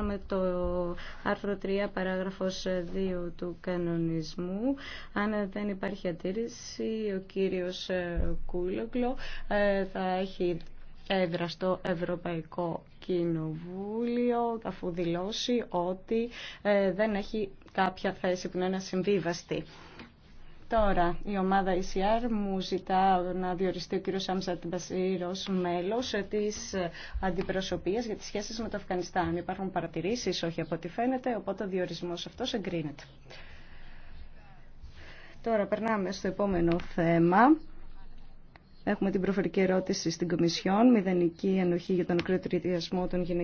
με το άρθρο 3 παράγραφος 2 του κανονισμού αν δεν υπάρχει αντίρρηση ο κύριος ε, Κούλοκλο ε, θα έχει έδρα στο Ευρωπαϊκό Κοινοβούλιο αφού δηλώσει ότι ε, δεν έχει κάποια θέση που να είναι συμβίβαστη. Τώρα η ομάδα ECR μου ζητά να διοριστεί ο κύριος Άμσατ Μπασίρ ως μέλος της για τις σχέσεις με το Αφγανιστάν. Υπάρχουν παρατηρήσεις, όχι από ό,τι φαίνεται, οπότε ο διορισμός αυτός εγκρίνεται. Τώρα περνάμε στο επόμενο θέμα. Έχουμε την προφορική ερώτηση στην Κομισιόν, μηδενική ενοχή για τον ακροτηριασμό των γυναικών.